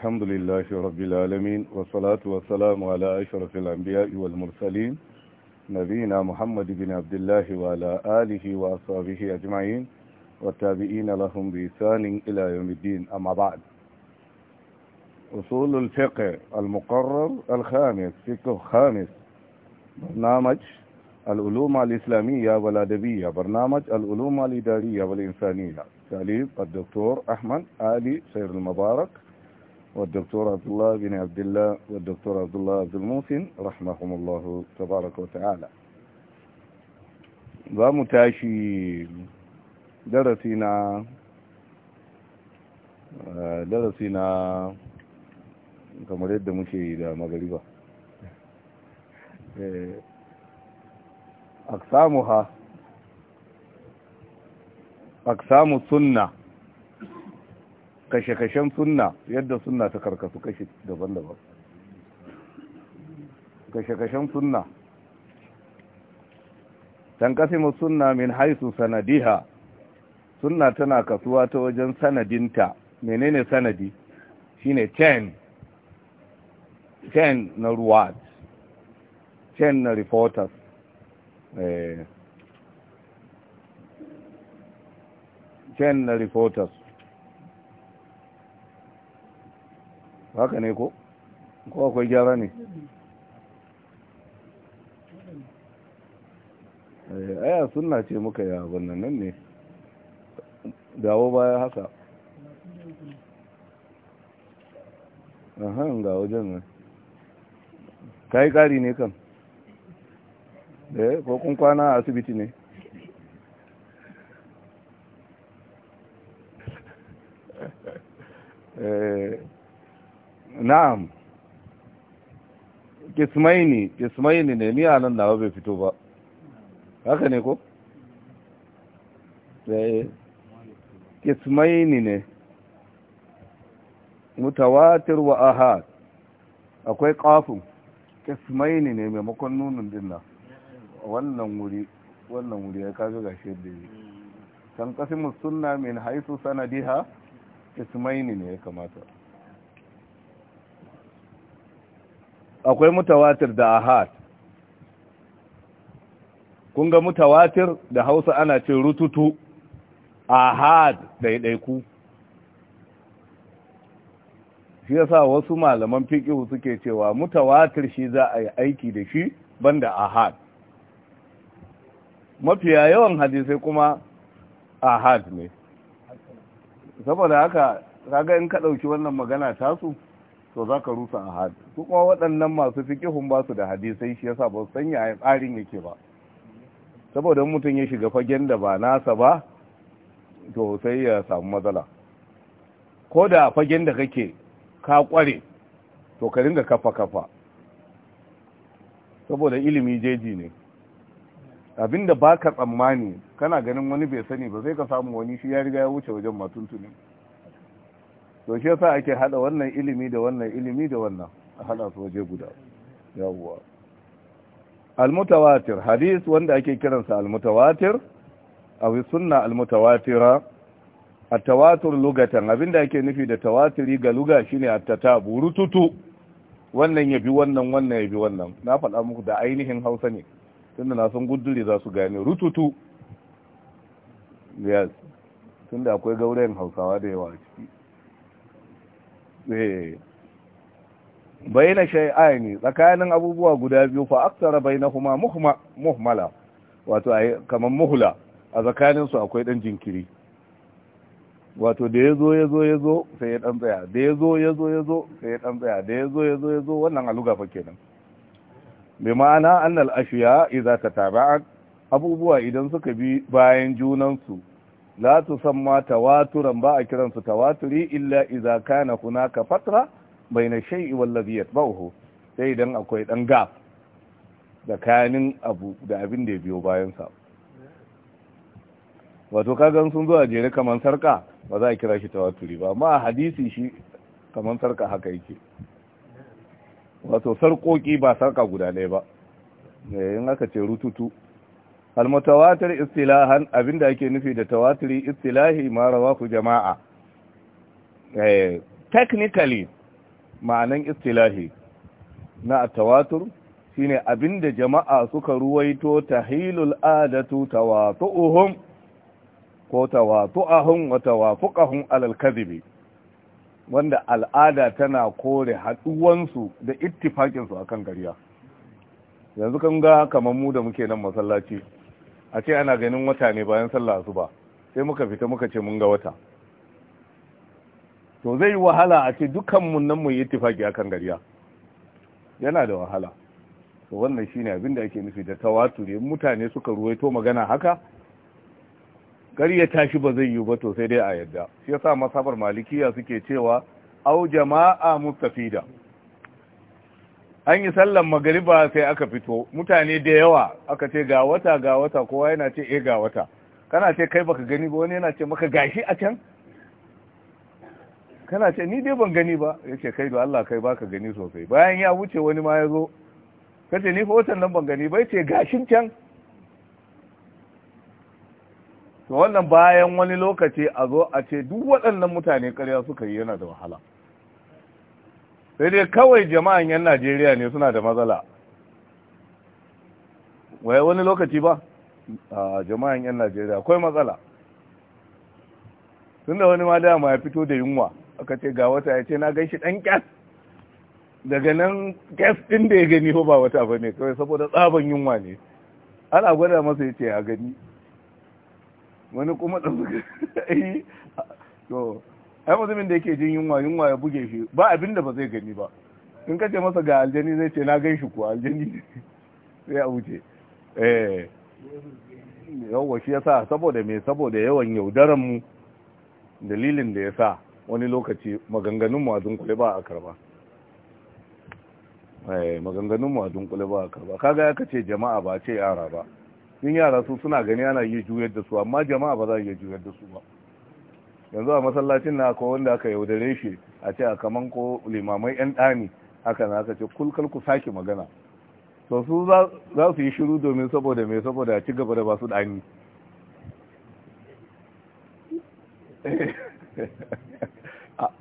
الحمد لله رب العالمين والصلاة والسلام على أشرف الأنبياء والمرسلين نبينا محمد بن عبد الله وعلى آله وأصحابه أجمعين والتابعين لهم بإحسان إلى يوم الدين أما بعد أصول الفقه المقرر الخامس فقه خامس برنامج العلوم الإسلامية والأدبية برنامج العلوم الإدارية والإنسانية تأليف الدكتور أحمد علي سير المبارك والدكتور عبد الله بن عبد الله والدكتور عبد الله عبد المحسن رحمهم zamu tashi darasi na kamar yadda muke da magariba aksamuha aksamu sunna kashe-kashen sunna yadda sunna ta karkasu kashe daban-daban kashe-kashen sunna tankasimu sunna min haisu sanadiha sunna tana kasuwa ta wajen sanadinta menene sanadi shine chain chain na ruwat chain na reporters eh chain na reporters haka ne ko ko akwai gyara ne eh, aya suna ce muka ya wannan nan ne dawo baya haka ahan ga wajen nan ka yi ƙari ne kan da eh, ko kun kwana a asibiti ne eh na'am kismaini kismaini ne ni anan nawa bai fito ba haka ne ko eh, kismaini ne mutawatir wa ahad akwai kafin kismaini ne maimakon nunin dinna wannan wuri wannan wuri ya kaga gashi da yi san kasimu sunna min haisu sanadiha kismaini ne ya kamata akwai mutawatir da ahad kun ga mutawatir da hausa ana ce rututu ahad daidaiku. shi yasa wasu malaman fiƙihu suke cewa mutawatir shi za a yi aiki da shi banda ahad mafiya yawan hadisai kuma ahad ne saboda haka kaga in ka ɗauki wannan magana tasu to za ka rusa a hadis su kuma waɗannan masu fikihun ba su da hadisai shi yasa ba su sanya a tsarin yake ba saboda mutum ya shiga fagen da ba nasa ba to sai ya samu matsala ko da fagen da kake ka kware to ka ringa kafa kafa saboda ilimi jeji ne abinda ka tsammani kana ganin wani bai sani ba sai ka samu wani shi ya riga ya wuce wajen matuntuni to shi yasa ake hada wannan ilimi da wannan ilimi da wannan a hada su waje guda yawwa almutawatir hadis wanda ake kiransa almutawatir aw sunna almutawatira at-tawatur lugatan abinda ake nufi da tawatiri ga luga shine at-tatabu rututu wannan ya bi wannan wannan ya bi wannan na faɗa muku da ainihin Hausa ne tunda na san gudduri za su gane rututu yes tunda akwai gaurayen Hausawa da yawa a ciki Eh. bayna shay'aini tsakanin abubuwa guda biyu fa bai na muhma muhmala wato kamar muhula a tsakaninsu akwai ɗan jinkiri wato da zo ya zo sai ya ɗan tsaya da zo ya zo sai ya ɗan tsaya da zo ya zo wannan aluga fa kenan bi ma'ana annal ashiya idza tataba'at abubuwa idan suka bi bayan junansu la tusamma tawaturan ba a kiransu tawaturi illa idza kana hunaka fatra baina shay'i wallazi yatba'uhu sai idan akwai dan gap kanin abu da abin da ya biyo bayan sa wato kagan sun zuwa jere kaman sarka ba za a kira shi tawaturi ba amma hadisi shi kaman sarka haka yake wato sarkoki ba sarka guda ɗaya ba in aka ce rututu almutawatir istilahan abinda ake nufi da tawatiri istilahi ma rawahu jama'a eh technically ma'anan istilahi na tawatur shine abinda jama'a suka ruwaito tahilul adatu tawatuhum ko tawatu'ahum wa tawafuqahum alal kadhibi wanda al'ada tana kore haduwansu da ittifakin su akan gariya yanzu kan ga kamar mu da muke nan masallaci a ce ana ganin wata ne bayan sallah ba, sai muka fita muka ce mun ga wata to zai wahala a ce dukkanmu nan mu yi tufaki akan gariya yana da wahala to wannan shine abin da ake nufi da tawatu ne, mutane suka ruwaito magana haka ya tashi ba zai yi ba to sai dai a yadda shi yasa masabar malikiya suke cewa au jama'a mustafida an yi sallan magariba sai aka fito mutane da yawa aka ce ga wata ga wata kowa yana ce eh ga wata kana ce kai baka gani ba wani yana ce maka gashi a can kana ce ni dai ban gani ba ya ce kai da Allah kai baka gani sosai bayan ya wuce wani ma ya zo ka ce ni fa nan ban gani ba ya ce gashin can to wannan bayan wani lokaci a zo a ce duk waɗannan mutane ƙarya suka yi yana da wahala sai dai kawai jama'an 'yan najeriya ne suna da matsala wai wani lokaci ba a jama'an 'yan najeriya akwai matsala tun da wani ma dama ya fito da yunwa aka ce ga wata ya ce na gan shi ɗan ƙyas daga nan ƙyas ɗin da ya gani ba wata ba ne kawai saboda tsaban yunwa ne ana gwada masa ya ce a gani wani kuma da suka yi ai mutumin da yake jin yunwa yunwa ya buge shi ba abin da ba zai gani ba in kace masa ga aljani zai ce na gan shi ko aljani sai a wuce eh yawa shi yasa saboda me saboda yawan yaudaran mu dalilin da yasa wani lokaci maganganun mu a dunkule ba a karba eh maganganun mu a dunkule ba a karba kaga ya kace jama'a ba ce yara ba in yara su suna gani ana yi juyar da su amma jama'a ba za a iya juyar da su ba yanzu a masallacin na ko wanda aka yaudare shi a ce a kaman ko limamai yan ɗani haka na aka ce kulkal ku sake magana to su za su yi shiru domin saboda mai saboda ci gaba da su ɗani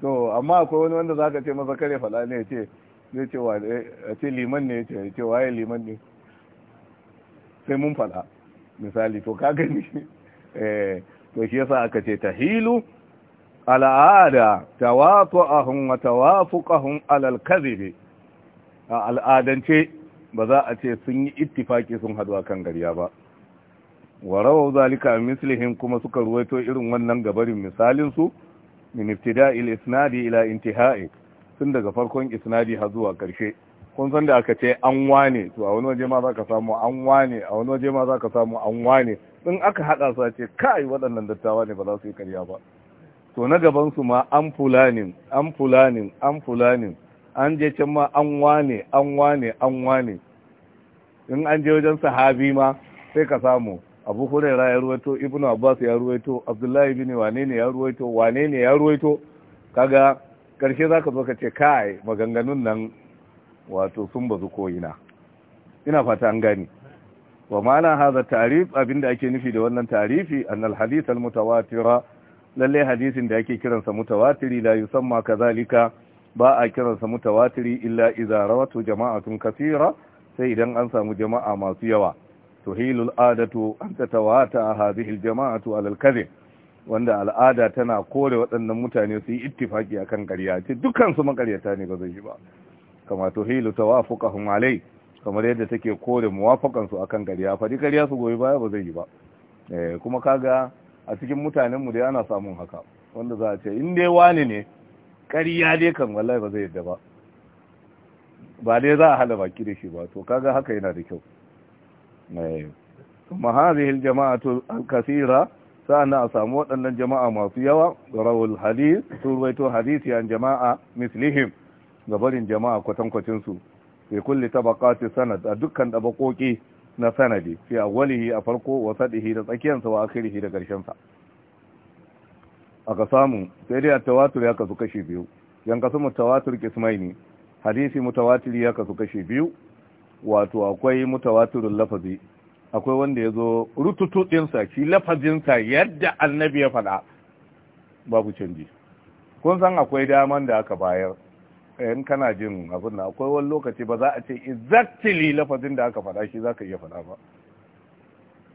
to amma akwai wani wanda za ka ce masa kare fala ne ya ce zai ce wa eh, a ce liman ne ya ce waye liman ne sai mun fada misali to ka gani eh, to shi yasa aka ce tahilu al'ada tawafu'ahum wa tawafuqahum alal kadhib a al'adance ba za a ce sun yi ittifaki sun hadu kan gariya ba wa rawaw zalika mislihin kuma suka ruwaito irin wannan gabarin misalinsu su iftida ibtida'il isnadi ila intihai sun daga farkon isnadi har zuwa karshe kun san da aka ce an wane to a wani waje ma za ka samu an wane a wani waje ma za ka samu an wane in aka haɗa su a ce kai waɗannan dattawa ne ba za su yi karya ba to na gabansu ma an fulanin an fulanin an fulanin an je can ma an wane an wane an wane in an je wajen sahabi ma sai ka samu abu hurera ya ruwaito ibnu abbas ya ruwaito abdullahi bin wane ne ya ruwaito wane ne ya ruwaito kaga karshe ka zo ka ce kai maganganun nan wato sun bazu koyina ina fata an gani wa ma'ana hadha ta'rif abinda ake nufi da wannan ta'rifi annal hadith al mutawatira lalle hadisin da ake kiransa mutawatiri la yusamma kazalika ba a kiransa mutawatiri illa idza rawatu jama'atun kathira sai idan an samu jama'a masu yawa tuhilul adatu an tatawata hadhihi aljama'atu alal kadhib wanda al'ada tana kore waɗannan mutane su yi ittifaki akan ƙarya ce dukkan su makaryata ne ba zai yi ba kama hilu tawafuqahum alai kamar yadda take kore muwafakan su akan ƙarya fa ƙarya su goyi baya ba zai yi ba eh kuma kaga a cikin mutanenmu dai ana samun haka wanda za a ce in dai wani ne ƙarya dai kan wallahi ba zai yadda ba ba dai za a hada baki da shi ba to kaga haka yana da kyau eh, kuma hazihil jama'atu al-kathira a samu waɗannan jama'a masu yawa rawul hadith turwaito hadisi an jama'a mislihim gabarin jama'a kwatankwacinsu fi kulli tabaqati sanad a dukkan dabakoki na sanadi fi awwalihi a farko wa sadihi da tsakiyarsa wa akhirihi da karshen sa aka samu sai dai tawatur ya kasu kashi biyu yan kasu mutawatir kismaini hadisi mutawatir ya kasu kashi biyu wato akwai mutawatirul lafazi akwai wanda yazo rututu din sa shi lafazin sa yadda annabi ya faɗa babu canji kun san akwai daman da aka bayar in kana jin abin na akwai wani lokaci ba za a ce exactly lafazin da aka faɗa shi za ka iya faɗa ba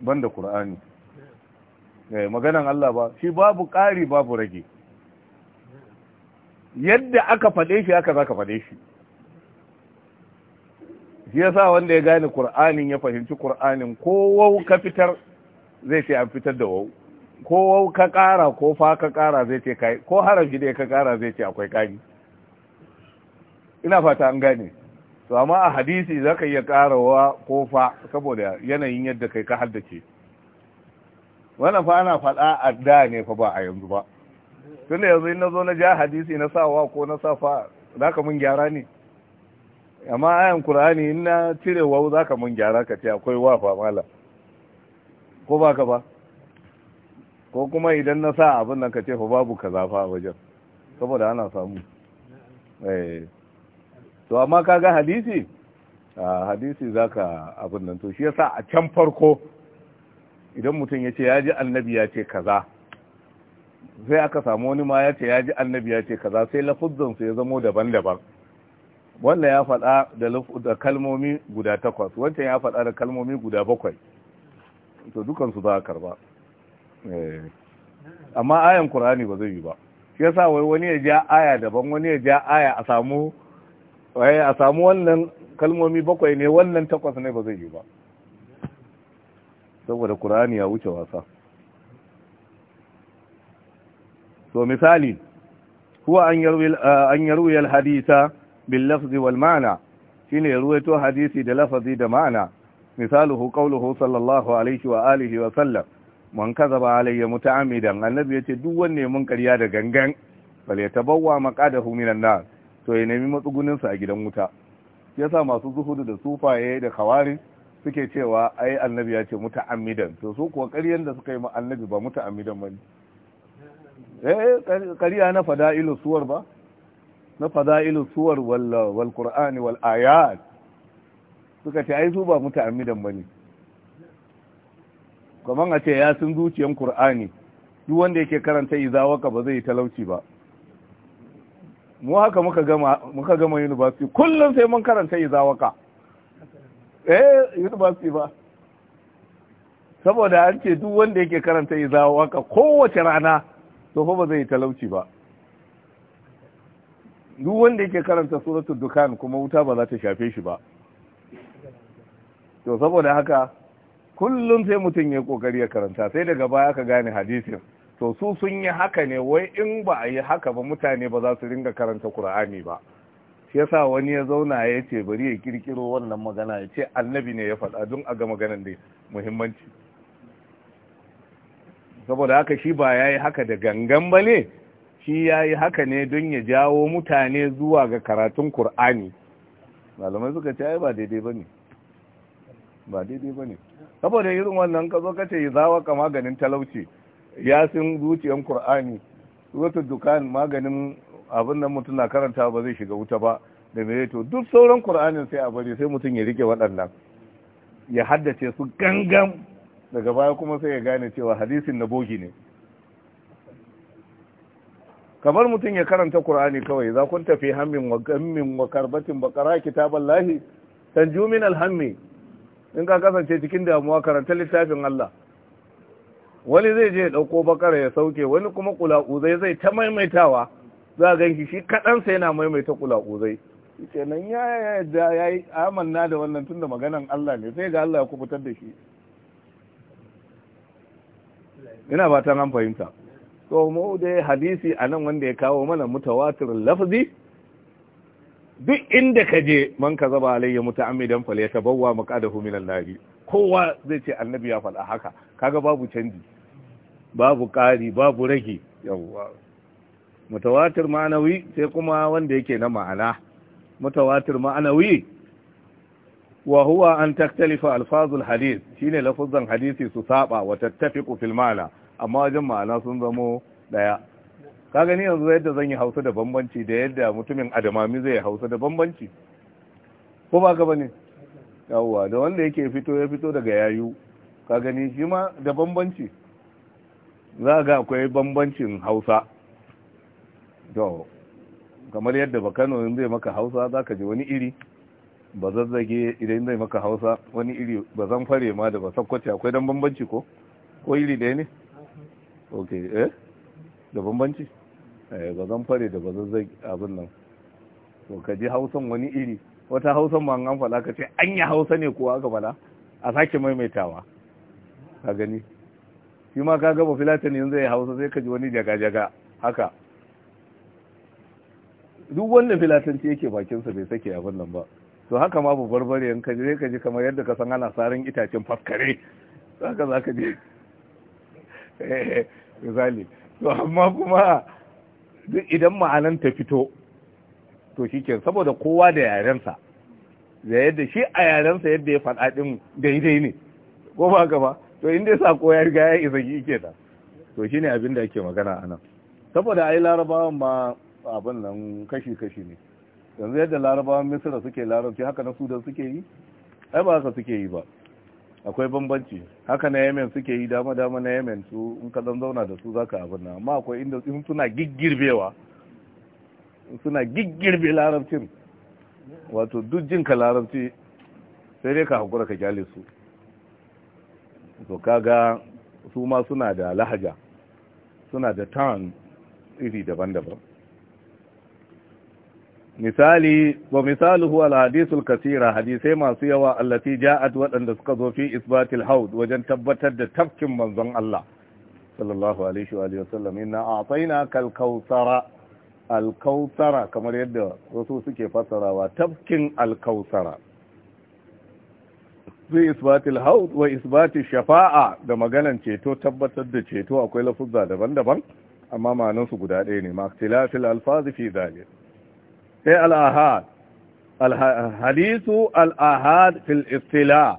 banda Kur'ani. Eh, maganan Allah ba shi babu ƙari babu rage yadda aka faɗe shi aka za ka faɗe shi shi ya sa wanda ya gane Kur'anin ya fahimci Kur'anin ko wau ka fitar zai ce an fitar da wau ko wau ka ƙara ko fa ka ƙara zai ce kai ko harafi da ka ƙara zai ce akwai ƙari ina fata an gane to amma a hadisi za ka iya ƙarawa ko fa saboda yanayin yadda kai ka haddace wannan fa ana faɗa a da ne fa ba a yanzu ba tun da yanzu na zo na ja hadisi na sawa ko na safa za ka mun gyara ne amma ayan kur'ani in na cire wau za ka mun gyara ka ce akwai fa mala ko ba ka ba ko kuma idan na sa abin nan ka ce fa babu kaza fa wajen saboda ana samu eh to amma kaga hadisi a hadisi zaka abin nan to shi yasa a can farko idan mutum ya ce ya ji annabi ya ce kaza sai aka samu wani ma ya ce ya ji annabi ya ce kaza sai lafuzzansu ya zamo daban-daban wannan ya faɗa da kalmomi guda takwas wancan ya faɗa da kalmomi guda bakwai to dukansu za a karba eh. amma ayan kur'ani ba zai yi ba shi yasa wai wani ya ja aya daban wani ya ja aya a samu waye a samu wannan kalmomi bakwai ne wannan takwas ne ba zai yi ba saboda Qur'ani ya wuce wasa so misali huwa an yarwi eh, an yarwi bil lafzi wal ma'na shine ruwaito hadisi da lafazi da ma'ana misaluhu qawluhu sallallahu alaihi wa alihi wa sallam man kadhaba alayya muta'ammidan annabi yace duk wanne mun ƙarya da gangan bal yatabawwa maqadahu minan nar to ya nemi matsuguninsa a gidan wuta yasa masu zuhudu da sufaye da kawari suke cewa ai annabi ya ce amidan to su kuwa ƙaryan da suka yi ma annabi ba amidan bane eh ƙarya na fada'ilu suwar ba na fada'ilu suwar wal qur'ani wal ayat suka ce ai su ba muta'ammidan bane kaman a ce ya sun zuciyan qur'ani duk wanda yake karanta izawaka ba zai talauci ba mu haka muka gama muka gama university kullum sai mun karanta zawaka eh university ba saboda an ce duk wanda yake karanta zawaka kowace rana to fa ba zai talauci ba duk wanda yake karanta suratul dukan kuma wuta ba za ta shafe shi ba to saboda haka kullum sai mutum ya kokari ya karanta sai daga baya aka gane hadisin to su sun yi haka ne wai in ba a yi haka ba mutane ba za su ringa karanta Kur'ani ba shi yasa wani ya zauna ya ce bari ya kirkiro wannan magana ya ce annabi ne ya faɗa don a ga maganan da muhimmanci saboda haka shi ba ya yi haka da gangan ba ne shi ya yi haka ne don ya jawo mutane zuwa ga karatun Kur'ani malamai suka ce ai ba daidai ba ne ba daidai ba ne saboda irin wannan ka zo ka ce yi zawa kama maganin talauci yasin zuciyan qur'ani suratul dukan maganin abin nan mutum na karanta ba zai shiga wuta ba da mere duk sauran qur'anin sai a bari sai mutum ya rike waɗannan ya haddace su gangan daga baya kuma sai ya gane cewa hadisin na bogi ne kamar mutum ya karanta Kur'ani kawai za kun tafi hammin wa gammin wa karbatin bakara kitaban lahi tanjumin alhammi in ka kasance cikin damuwa karanta littafin Allah wani zai je ya ɗauko bakara ya sauke wani kuma kula'uzai zai ta maimaitawa za a ganki shi kaɗansa yana maimaita kula'uzai kenan ya yadda ya yi amanna da wannan tun da maganan Allah ne sai ga Allah ya kubutar da shi ina ba ta nan fahimta so mu dai hadisi a nan wanda ya kawo mana mutawatir lafzi duk inda ka je man ka zaba alayya muta'ammidan fal yatabawwa maqadahu minan nabi kowa zai ce annabi ya faɗa haka kaga babu canji babu ƙari babu rage yawwa mutawatir ma'anawi sai kuma wanda yake na ma'ana mutawatir ma'anawi wa huwa an taktalifa alfazul hadis shine lafazan hadisi su saba wa tattafiqu fil ma'ana amma wajen ma'ana sun zamo daya ka gani yanzu yadda zan yi Hausa da bambanci da yadda mutumin adamami zai Hausa da bambanci ko ba ka bane yawwa da wanda yake fito ya fito daga yayu ka gani shi ma da bambanci za ga akwai bambancin hausa to kamar yadda ba kano in zai maka hausa za ka ji wani iri ba zazzage idan zai maka hausa wani iri ba zan fare ma da ba sakwace akwai dan bambanci ko ko iri ɗaya ne ok eh da bambanci eh ba zan fare da ba zazzage abin nan to ka ji hausan wani iri wata hausan ma an fada ka ce an yi hausa ne kuwa aka faɗa a sake maimaitawa ka gani shi ma ka gaba filatani yanzu ya hausa sai ka ji wani jaga-jaga haka duk wanda filatanci yake bakinsa bai sake abin nan ba to haka ma bu barbare yanka je ka ji kamar yadda ka san ana sarin itacen faskare za ka je eh, misali to amma kuma duk idan ma'anan ta fito to shike saboda kowa da yarensa da yadda shi a yarensa yadda ya fada ɗin daidai ne ko ba gaba to inda ya sako ya riga ya isa ke da. to shi ne abin da ake magana a nan saboda ai larabawan ma abin nan kashi-kashi ne yanzu yadda larabawan misira suke larabci haka na sudan suke yi ai ba haka suke yi ba akwai bambanci haka na yemen suke yi dama-dama na yemen su in ka zan zauna da su za ka abin nan amma akwai inda in suna giggirbewa suna giggirbe larabcin wato duk jinka larabci sai dai ka hakura ka gyale su to kaga su ma suna da lahaja suna da tan iri daban-daban misali wa misaluhu al-hadithul hadisai masu yawa allati ja'at waɗanda suka zo fi isbatil haud wajen tabbatar da tafkin manzon Allah sallallahu alaihi wa sallam inna a'tainaka al-kautsara al-kautsara kamar yadda wasu suke fasarawa tafkin al-kautsara fi isbatil haud wa isbatil shafa'a da maganan ceto tabbatar da ceto akwai lafuzza daban-daban amma ma'anansu guda ɗaya ne maktilatil alfazi fi zalik sai al-ahad hadisu al-ahad fil istila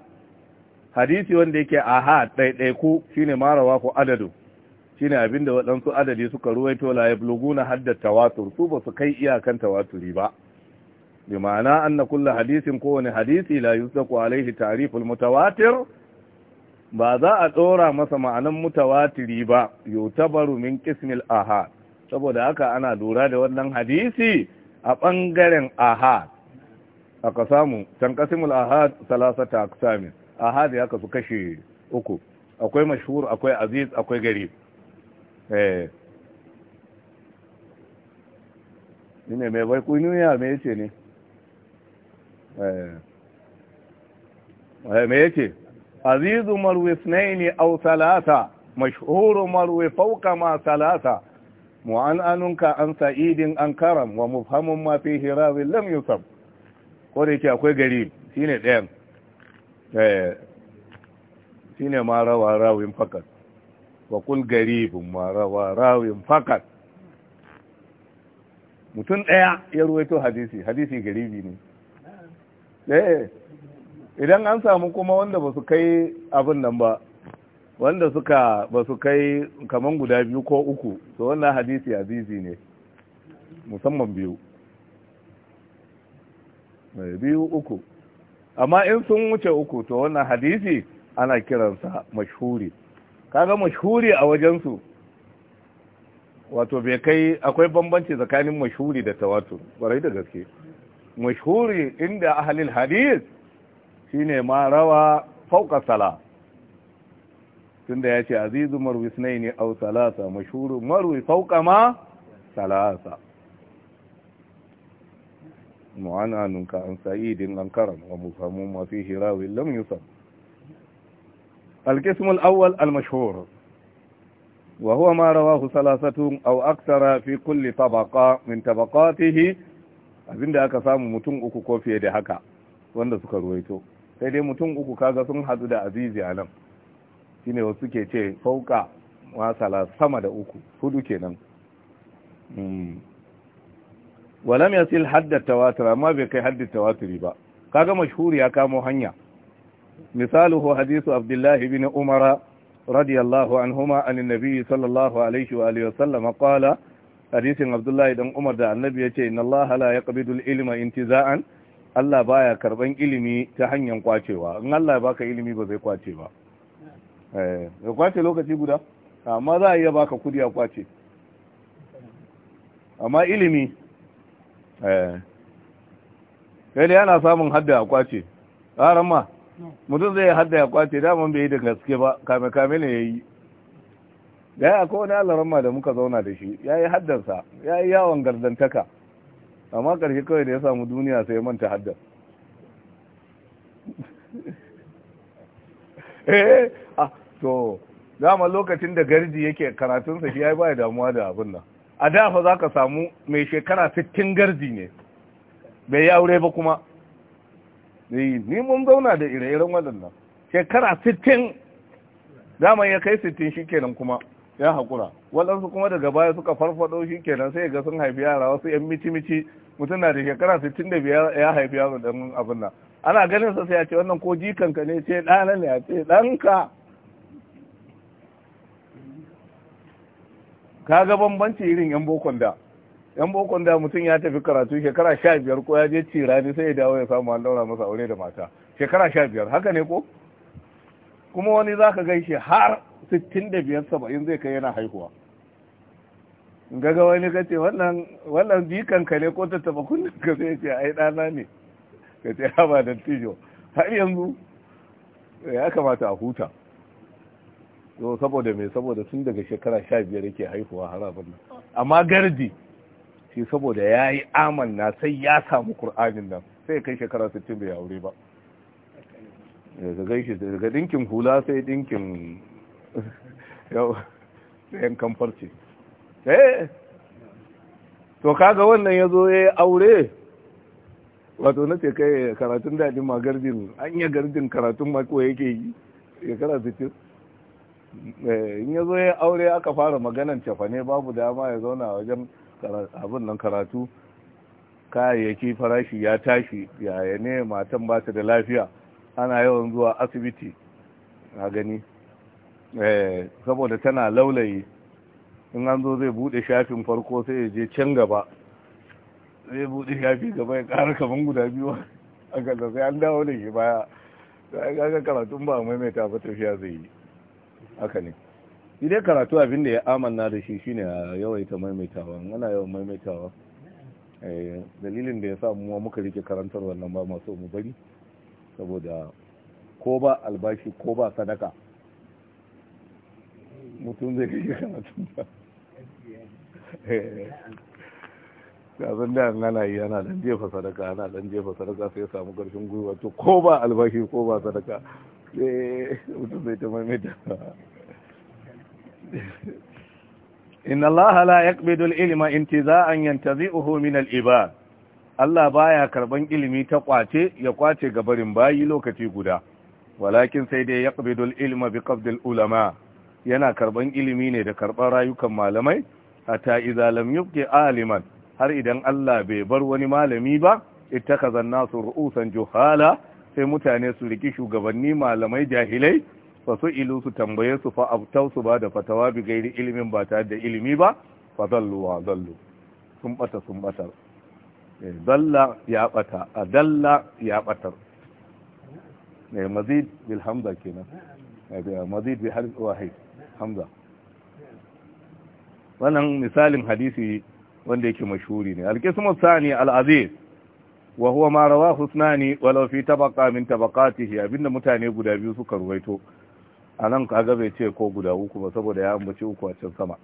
hadisi wanda yake ahad ɗaiɗaiku shine marawa ko adadu shine abinda waɗansu adadi suka ruwaito la yabluguna hadda tawatur su ba su kai iyakan tawaturi ba bi ma'ana anna kullu hadisin kowane hadisi la yusdaqu alaihi ta'riful mutawatir ba za a tsora masa ma'anan mutawatiri ba yutabaru min qismil ahad saboda haka ana lura da wannan hadisi a bangaren ahad aka samu tanqasimul ahad salasata aqsamin ahad ya kasu kashi uku akwai mashhur akwai aziz akwai garib eh ne mai bai me yace ne Eh. Eh, me yake azizu marwi snaini aw salasa mashhuru marwi fawqa ma salasa mu'ananun ka an sa'idin an karam wa mufhamun ma fihi rawi lam yusab ko da yake akwai gari shine ɗayan eh shine ma rawa rawin fakat wa kul garibun ma rawa rawin fakat mutum ɗaya ya ruwaito hadisi hadisi garibi ne Eh, idan an samu kuma wanda ba su kai abin nan ba wanda suka ba su kai kaman guda biyu ko uku to wannan hadisi azizi ne musamman biyu mai eh, biyu uku amma in sun wuce uku to wannan hadisi ana kiransa mashhuri kaga mashhuri a wajensu wato bai kai akwai bambanci tsakanin mashhuri da tawatur barai da gaske مشهوري عند أهل الحديث شيني ما روى فوق الصلاة عند يأتي عزيز مروي اثنين أو ثلاثة مشهور مروي فوق ما ثلاثة معنى أنك عن سعيد الأنكر ومفهم ما فيه راوي لم يصب القسم الأول المشهور وهو ما رواه ثلاثة أو أكثر في كل طبقة من طبقاته Abin da aka samu mutum uku ko fiye da haka wanda suka ruwaito sai dai mutum uku kaga sun hadu da azizi a nan shine wasu ke ce fauka masala sama da uku hudu kenan hmm. walam yasil hadda tawatur amma bai kai hadda tawaturi ba kaga mashhuri ya kamo hanya misaluhu hadisu abdullahi bin umara radiyallahu anhuma anin nabi sallallahu alaihi wa sallama qala hadisin abdullahi dan umar da annabi ya ce inna Allah la yaqbidu al-ilma intiza'an Allah baya karban ilimi ta hanyar kwacewa in Allah baka ilimi ba zai kwace ba eh ya kwace lokaci guda amma za a iya baka kudi a kwace amma ilimi eh sai dai ana samun hadda a kwace tsaran ma mutum zai hadda ya kwace daman bai yi da gaske ba kame kame ne yayi da ya akwai wani ma da muka zauna da shi ya yi haddarsa ya yi yawon gardantaka amma ƙarshe kawai da ya samu duniya sai manta haddar eh ah to dama lokacin da garji yake karatunsa shi ya yi ba damuwa da abin nan a dafa za ka samu mai shekara 60 garji ne bai yi aure ba kuma eh, ni mun zauna da ire-iren waɗannan shekara 60 dama ya kai 60 shi kenan kuma ya haƙura waɗansu kuma daga baya suka farfaɗo shi kenan sai ga sun haifi yara wasu yan mici-mici mutum na da shekara sittin da biyar ya haifi yaro ɗan abin nan ana ganin sa sai ya ce wannan ko jikanka ne ce ɗana ne a ce ɗanka ka ga bambanci irin yan bokon da yan bokon da mutum ya tafi karatu shekara sha biyar ko ya je cira ne sai ya dawo ya samu an daura masa aure da mata shekara sha biyar haka ne ko kuma wani za ka gaishe har 65-70 zai kai yana haihuwa gaga wani ka ce wannan ka ne ko ta taba kullum ka zai ce ai ɗana ne ka ce haba da tijo har yanzu ya kamata a huta to saboda mai saboda tun daga shekara 15 yake haihuwa har abin nan amma gardi shi saboda ya yi amanna sai ya samu kur'anin nan sai kai shekara 65 bai aure ba daga dinkin hula sai dinkin yau sayan kamfarci eh to kaga wannan ya zo ya aure wato na ce kai karatun daɗin ma gardin an yi gardin karatun ma ko yake yi ya kara zikin eh, in ya zo ya aure aka fara maganan cefane babu dama ya zauna wajen abin nan karatu kayayyaki farashi ya tashi yayane ne matan ba ta da lafiya ana yawan zuwa asibiti a gani eh, saboda tana laulayi in an zo zai bude shafin farko sai ya je can gaba zai bude shafi gaba ya kara kaman guda biyu a kanta sai an dawo da shi baya sai ga karatun ba maimaita ba tafiya zai yi haka ne idai karatu abin da ya amanna da shi shine a yawaita maimaitawa ana yawan maimaitawa eh, dalilin da ya sa muwa muka rike karantar wannan ba masu mu bari saboda ko ba albashi ko ba sadaka mutum zai kai karatun ta gasan da an gana yi ana dan jefa sadaka ana dan jefa sadaka sai samu karshen gwiwa to ko ba albashi ko ba sadaka sai mutum zai ta maimaita inna allaha la yaqbidu al-ilma intiza'an yantazi'uhu min al-ibad Allah baya karban ilimi ta kwace ya kwace ga barin bayi lokaci guda walakin sai dai yaqbidul ilma biqabdil ulama yana karban ilimi ne da karban rayukan malamai hatta idza lam yubqi aliman har idan Allah bai bar wani malami ba ittakaza an-nasu ru'usan juhala sai mutane su riki shugabanni malamai jahilai fa su ilu su tambaye su fa abtau ba da fatawa bi gairi ilimin ba tare da ilimi ba fa dallu wa dallu sun bata sun bata Eh, dalla ya bata a dalla ya batar eh, mazid bil hamza kenan eh, mazid bi harf wahid hamza wannan misalin hadisi wanda yake mashhuri ne al Sani thani al-aziz wa huwa ma rawa usmani walau fi tabaqa min tabaqatihi abinda mutane guda biyu suka ruwaito anan kaga bai ce ko guda uku ba saboda ya ambaci uku a can sama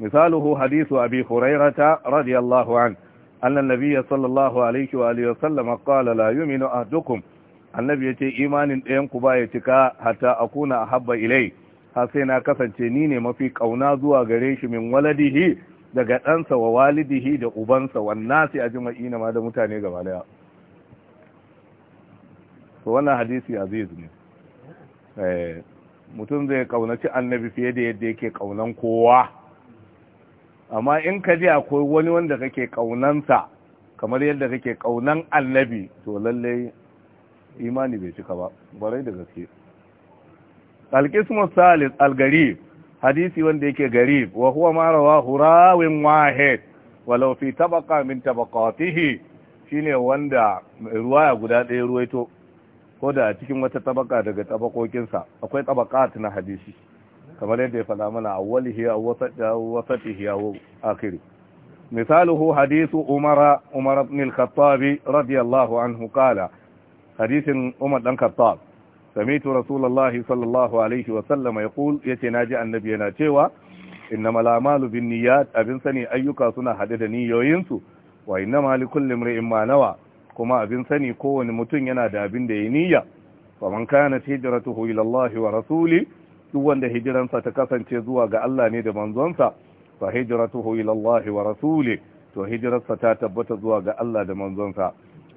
misaluhu hadisu abi hurairata radiyallahu anhu أن النبي صلى الله عليه وآله وسلم قال لا يؤمن أهدكم annabi ya ce imanin ɗayan ku ba ya cika hatta a ahabba ilai har sai na kasance ni ne mafi kauna zuwa gare shi min daga ɗansa wa walidihi da ubansa wannan sai na ma da mutane gaba daya to wannan hadisi aziz ne eh zai kaunaci annabi fiye da yadda yake kaunan kowa amma in ka ji akwai wani wanda kake kaunansa kamar yadda kake kaunan annabi to lalle imani bai cika ba barai da gaske alkismu salis algarib hadisi wanda yake garib wa huwa ma rawa hurawin wahid walau fi tabaqa min tabaqatihi shine wanda ruwaya guda ɗaya ruwaito ko da cikin wata tabaka daga tabakokinsa akwai tabakat na hadisi kamar yadda ya faɗa mana awwalihi aw wasatihi aw akhiri misaluhu hadisu umara umar ibn al radiyallahu anhu qala hadisin umar dan khattab سمعت رسول الله صلى الله عليه وسلم na يتناجى النبي yana cewa innama bin niyyat abin sani ayyuka suna haɗe da niyoyinsu wa innama likulli imrin ma nawa kuma abin sani kowane mutum yana da abin da ya niyya fa kana kanat hijratuhu ila Allah wa rasuli duk wanda hijiransa ta kasance zuwa ga Allah ne da manzonsa fa hijratuhu ila Allah wa rasuli to hijirarsa ta tabbata zuwa ga Allah da manzonsa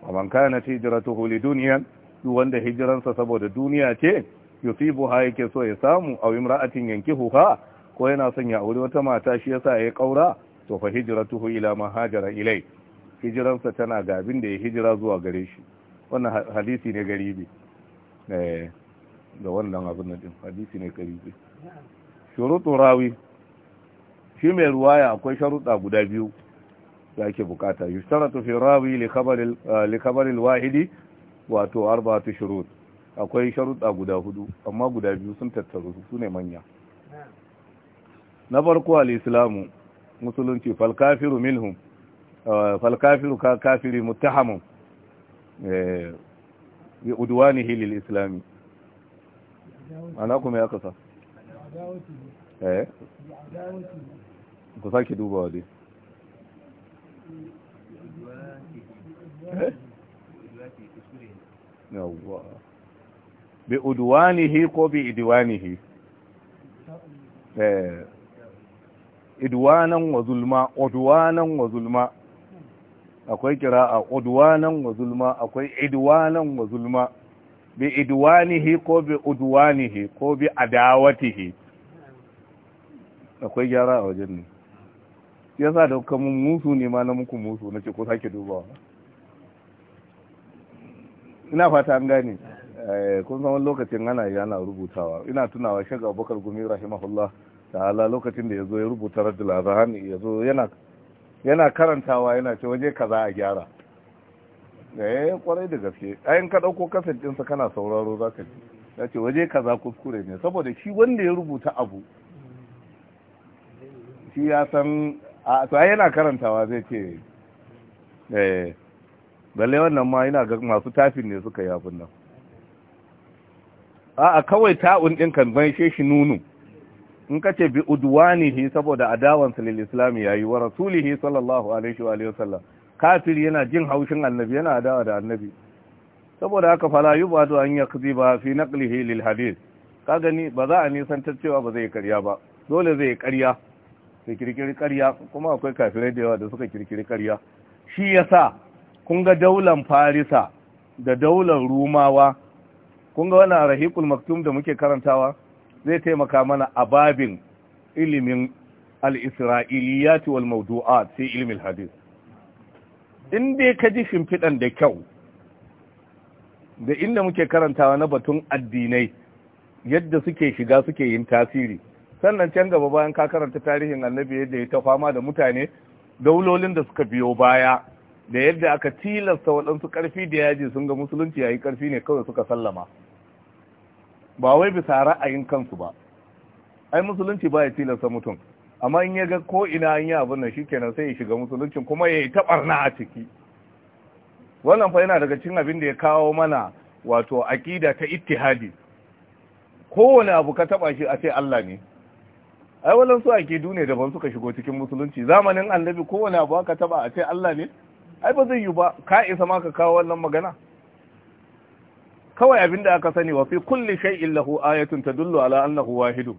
wa man kana hijratuhu lidunya duk wanda hijiransa saboda duniya ce yusibuha yake so ya samu aw imra'atin ha ko yana son ya aure wata mata shi yasa ya kaura to fa hijratuhu ila ma hajara ilai hijiransa tana ga abin da ya hijira zuwa gare shi wannan hadisi ne garibi eh da wannan abin da din hadisi ne karibi shurutu rawi shi mai ruwaya akwai sharuɗa guda biyu da ake bukata yushtaratu fi rawi li eh, wahidi wato arba'atu shurut akwai sharuɗa guda hudu amma guda biyu sun tattaru su ne manya na farko al-islamu musulunci fal kafiru minhum eh, fal kafiru ka kafiri muttahamun eh, bi udwanihi lil islami ana kuma ya kasa eh ku sake duba dai eh? bi udwanihi ko bi idwanihi eh idwanan wa zulma udwanan wa zulma akwai a udwanan wa zulma akwai idwanan wa zulma bi idwanihi ko bi udwanihi ko bi adawatihi akwai gyara a wajen ne sa da kuma musu ne ma na muku musu na ce ko sake dubawa ina fata an gane eh, kun zama lokacin ana ana rubutawa ina tunawa shaga bakar gumi rahimahullah ta'ala lokacin da ya zo ya rubuta radul azhan ya zo yana karantawa yana ce waje kaza a gyara eh kwarai da gaske ayin ka ɗauko kasar ɗinsa kana sauraro za ka ji yace waje ka za kuskure ne saboda shi wanda ya rubuta abu shi ya san a to ai yana karantawa zai ce eh balle wannan ma yana ga masu tafin ne suka yi nan a a kawai ta'un ɗin kan ban shi nunu in ka ce bi udwanihi saboda adawansa lil islam yayi wa rasulihi sallallahu alaihi wa sallam kafiri yana jin haushin annabi yana adawa da annabi saboda haka fala hanyar an ba fi naqlihi lil hadith ka gani ba za a nisantar cewa ba zai karya ba dole zai karya sai kirkiri karya kuma akwai kafirai da yawa da suka kirkiri karya shi yasa kun ga daular farisa da daular rumawa kun ga wani rahikul maktum da muke karantawa zai taimaka mana a babin ilimin al-isra'iliyat wal sai ilimin hadith in dai ka ji shimfiɗan da kyau da inda muke karantawa na batun addinai yadda suke shiga suke yin tasiri sannan can gaba bayan ka karanta tarihin annabi yadda ya ta fama da mutane daulolin da suka biyo baya da yadda aka tilasta waɗansu ƙarfi da yaji sun ga musulunci yayi ƙarfi ne kawai suka sallama ba wai bisa ra'ayin kansu ba ai musulunci ba ya tilasta mutum amma in ya ga ko ina an yi abin nan kenan sai ya shiga musuluncin kuma ya yi taɓarna a ciki wannan fa yana daga cikin abin da ya kawo mana wato aƙida ta ittihadi kowane abu ka taɓa shi a ce Allah ne ai wannan su aƙidu ne daban suka shigo cikin musulunci zamanin annabi kowane abu aka taɓa a ce Allah ne ai ba zai yi ba ka isa ma ka kawo wannan magana kawai abin da aka sani wa fi kulli shay'in lahu ayatun tadullu ala annahu wahidun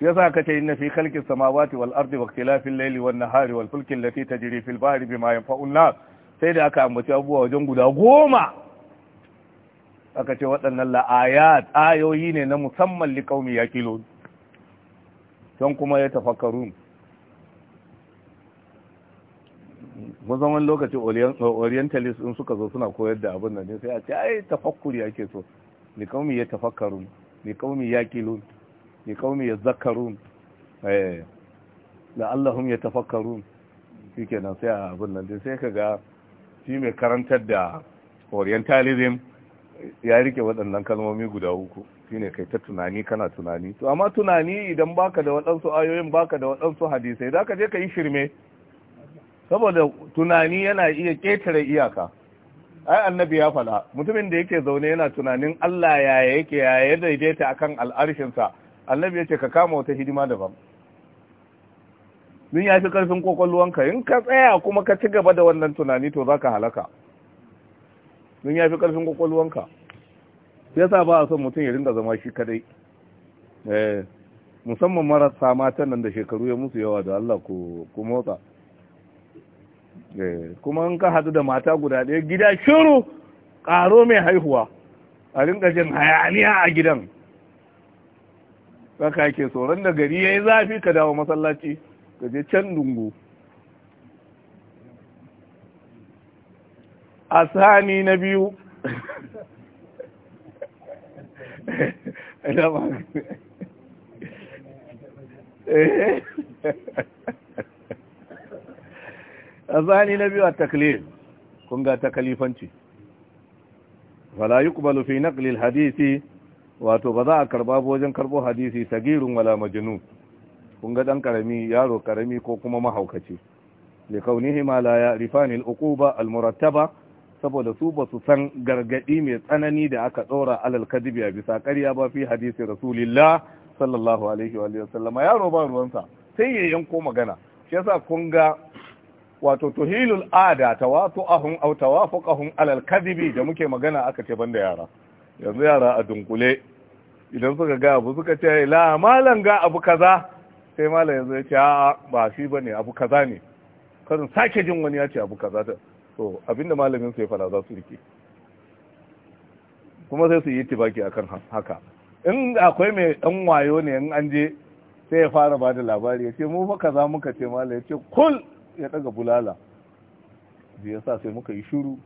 ya sa ka ce inna fi khalqis samawati wal ardi wa ikhtilafil layli wan nahari wal fulki allati tajri fil bahri bima yanfa'un nas sai da aka ambaci abubuwa wajen guda goma aka ce waɗannan la'ayat ayoyi ne na musamman li qaumi yaqilun don kuma ya tafakkaru musamman wani lokaci orientalist in suka zo suna koyar da abin nan sai a ce ai tafakkuri ake so li qaumi ya tafakkaru li qaumi yaqilun li qaumi yadhakkarun eh la'allahum yatafakkarun shikenan sai a abin nan din sai kaga shi mai karantar da orientalism ya rike waɗannan kalmomi guda uku shine kai ta tunani kana tunani to amma tunani idan baka da waɗansu ayoyin baka da waɗansu hadisai zaka je ka yi shirme saboda tunani yana iya ketare iyaka ai annabi ya faɗa mutumin da yake zaune yana tunanin Allah yaya yake yaya daidaita akan al'arshinsa annabi ya ce ka kama wata hidima daban mun ya fi karfin kwakwalwanka in ka tsaya kuma ka ci gaba da wannan tunani to za ka halaka mun ya fi karfin ya yasa ba a son mutum ya dinga zama shi kadai eh, musamman marasa matan nan da shekaru ya musu yawa da Allah ku motsa eh, kuma in ka hadu da mata guda ɗaya gida shiru ƙaro mai haihuwa a dinga jin hayaniya a gidan saka yake tsoron da gari ya yi zafi ka dawo masallaci ka je can dungu sani na biyu sani na biyu a takle kunga ga takalifanci fala yi kubalufi na al-hadisi wato ba za a karba wajen karbo hadisi sagirun wala majinu kun ga dan karami yaro karami ko kuma mahaukaci li kaunihi ma la ya'rifani al-uquba al-murattaba saboda su ba su san gargadi mai tsanani da aka dora alal kadibi a bisa ƙarya ba fi hadisi rasulillah sallallahu alaihi wa sallama yaro ba ruwan sa sai ya yanko magana shi yasa kun ga wato tuhilul ada tawatu'ahum aw tawafuqahum alal kadibi da muke magana aka ce banda yara yanzu yara a dunkule idan suka ga abu suka ce la malam ga abu kaza sai malam yanzu ya ce a'a ba shi bane abu kaza ne karin sake jin wani ya ce abu kaza ta to abinda malamin su ya fara za su rike kuma sai su yi tibaki akan haka in akwai mai dan wayo ne in an je sai ya fara ba da labari ya ce mu fa kaza muka ce malam ya ce kul ya daga bulala da yasa sai muka yi shiru.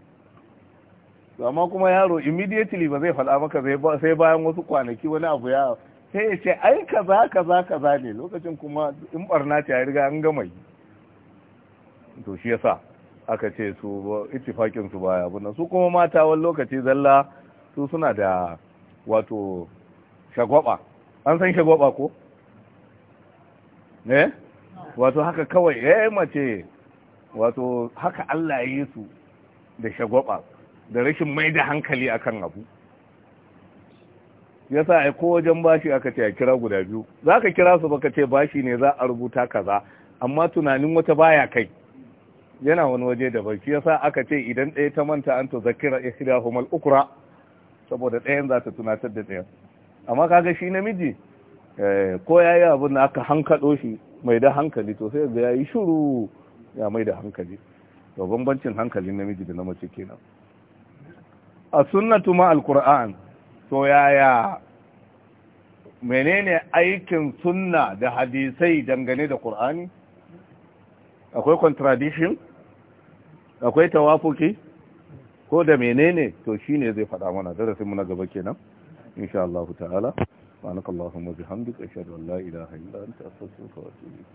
to amma kuma yaro immediately ba zai faɗa maka sai bayan wasu kwanaki wani abu ya sai ya ce ai kaza kaza kaza ne lokacin kuma in barna ta ya riga an gama yi to shi yasa aka ce su ittifakin su baya bunan su kuma mata wani lokaci zalla su suna da wato shagwaba an san shagwaba ko ne eh? wato haka kawai eh mace wato haka Allah ya yi su da shagwaba da rashin mai da hankali akan abu ya sa aiko wajen bashi aka ce a kira guda biyu za ka kira su baka ce bashi ne za a rubuta kaza amma tunanin wata baya kai yana wani waje da bai ya sa aka ce idan ɗaya ta manta an to zakira ya homal ukura saboda ɗayan za ta tunatar da ɗayan amma kaga shi namiji eh, ko ya yi abin da aka hankado shi mai da hankali to sai ga yi shiru ya mai da hankali to bambancin hankalin namiji da na mace kenan a sunnatu ma alkur'an to yaya menene aikin sunna da hadisai dangane da ƙur'ani akwai contradiction akwai tawafuki ko da menene to shine zai faɗa mana darasin mu na gaba kenan insha Allah ta'ala subhanakallahumma bihamdika ashhadu an la ilaha illa anta astaghfiruka wa atubu